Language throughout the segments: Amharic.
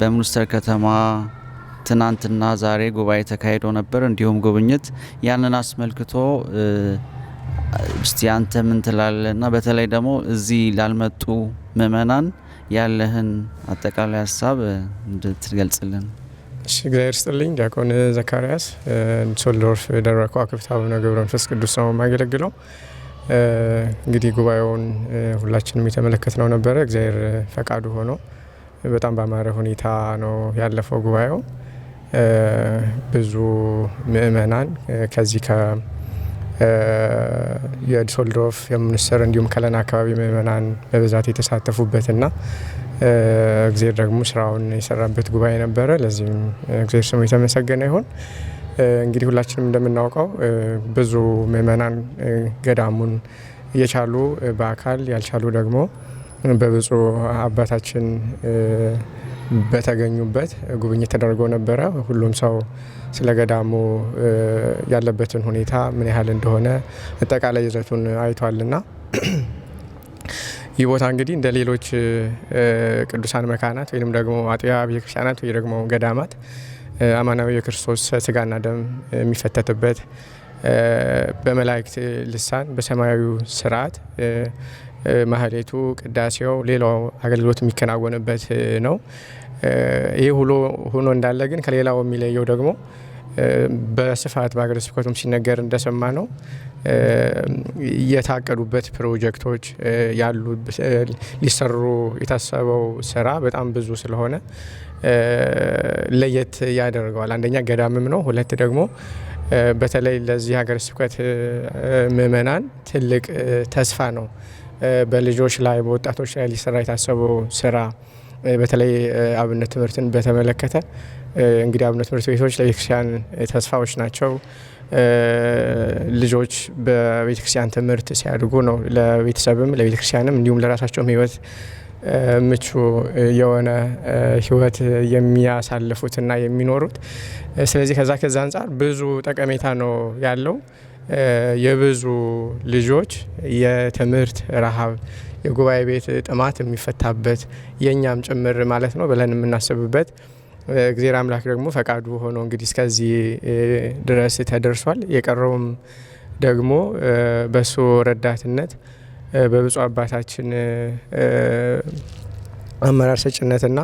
በሚኒስተር ከተማ ትናንትና ዛሬ ጉባኤ ተካሂዶ ነበር፣ እንዲሁም ጉብኝት። ያንን አስመልክቶ እስቲ አንተ ምን ትላለህ? እና በተለይ ደግሞ እዚህ ላልመጡ ምእመናን ያለህን አጠቃላይ ሀሳብ እንድትገልጽልን። እሺ፣ እግዚአብሔር ስጥልኝ። ዲያቆን ዘካርያስ ሶልዶርፍ ደብረ ከዋክብት አቡነ ገብረ መንፈስ ቅዱስ ነው የማገለግለው። እንግዲህ ጉባኤውን ሁላችንም የተመለከትነው ነበረ። እግዚአብሔር ፈቃዱ ሆኖ በጣም በአማረ ሁኔታ ነው ያለፈው ጉባኤው። ብዙ ምእመናን ከዚህ የድሶልዶፍ የምንስር እንዲሁም ከለና አካባቢ ምእመናን በብዛት የተሳተፉበትና እግዜር ደግሞ ስራውን የሰራበት ጉባኤ ነበረ። ለዚህም እግዜር ስሙ የተመሰገነ ይሁን። እንግዲህ ሁላችንም እንደምናውቀው ብዙ ምእመናን ገዳሙን እየቻሉ በአካል ያልቻሉ ደግሞ በብፁዕ አባታችን በተገኙበት ጉብኝት ተደርጎ ነበረ። ሁሉም ሰው ስለ ገዳሙ ያለበትን ሁኔታ ምን ያህል እንደሆነ አጠቃላይ ይዘቱን አይቷልና ይህ ቦታ እንግዲህ እንደ ሌሎች ቅዱሳን መካናት ወይም ደግሞ አጥቢያ ቤተክርስቲያናት ወይ ደግሞ ገዳማት አማናዊ የክርስቶስ ስጋና ደም የሚፈተትበት በመላእክት ልሳን በሰማያዊ ስርዓት ማህሌቱ፣ ቅዳሴው፣ ሌላው አገልግሎት የሚከናወንበት ነው። ይህ ሁሎ ሆኖ እንዳለ ግን ከሌላው የሚለየው ደግሞ በስፋት በሀገረ ስብከቱም ሲነገር እንደሰማ ነው የታቀዱበት ፕሮጀክቶች ያሉ ሊሰሩ የታሰበው ስራ በጣም ብዙ ስለሆነ ለየት ያደርገዋል። አንደኛ ገዳምም ነው፣ ሁለት ደግሞ በተለይ ለዚህ ሀገረ ስብከት ምእመናን ትልቅ ተስፋ ነው። በልጆች ላይ በወጣቶች ላይ ሊሰራ የታሰበው ስራ በተለይ አብነት ትምህርትን በተመለከተ እንግዲህ አብነት ትምህርት ቤቶች ለቤተክርስቲያን ተስፋዎች ናቸው። ልጆች በቤተክርስቲያን ትምህርት ሲያድጉ ነው ለቤተሰብም ለቤተክርስቲያንም እንዲሁም ለራሳቸውም ህይወት ምቹ የሆነ ህይወት የሚያሳልፉትና የሚኖሩት። ስለዚህ ከዛ ከዛ አንጻር ብዙ ጠቀሜታ ነው ያለው። የብዙ ልጆች የትምህርት ረሃብ የጉባኤ ቤት ጥማት የሚፈታበት የእኛም ጭምር ማለት ነው ብለን የምናስብበት እግዜር አምላክ ደግሞ ፈቃዱ ሆኖ እንግዲህ እስከዚህ ድረስ ተደርሷል። የቀረውም ደግሞ በሱ ረዳትነት በብፁ አባታችን አመራር ሰጭነትና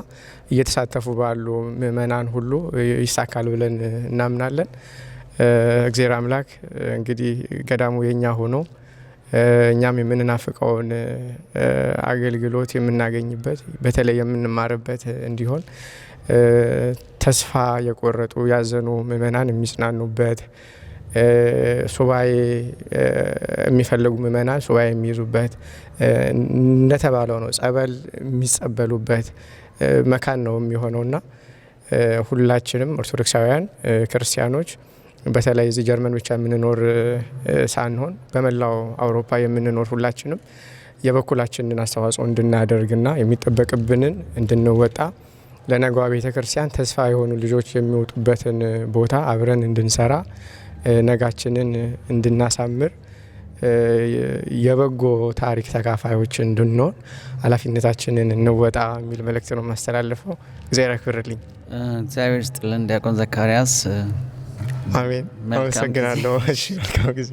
እየተሳተፉ ባሉ ምእመናን ሁሉ ይሳካል ብለን እናምናለን። እግዜር አምላክ እንግዲህ ገዳሙ የኛ ሆኖ እኛም የምንናፍቀውን አገልግሎት የምናገኝበት በተለይ የምንማርበት እንዲሆን ተስፋ የቆረጡ ያዘኑ ምእመናን የሚጽናኑበት ሱባኤ የሚፈልጉ ምእመናን ሱባኤ የሚይዙበት እንደተባለው ነው። ጸበል የሚጸበሉበት መካን ነው የሚሆነውና ሁላችንም ኦርቶዶክሳውያን ክርስቲያኖች በተለይ እዚህ ጀርመን ብቻ የምንኖር ሳንሆን በመላው አውሮፓ የምንኖር ሁላችንም የበኩላችንን አስተዋጽኦ እንድናደርግና የሚጠበቅብንን እንድንወጣ ለነጓ ቤተ ክርስቲያን ተስፋ የሆኑ ልጆች የሚወጡበትን ቦታ አብረን እንድንሰራ ነጋችንን እንድናሳምር የበጎ ታሪክ ተካፋዮች እንድንሆን ኃላፊነታችንን እንወጣ የሚል መልእክት ነው የማስተላልፈው። እግዚአብሔር ያክብርልኝ። እግዚአብሔር ስጥልን። ዲያቆን ዘካርያስ I mean, I was thinking I know what she'd go because.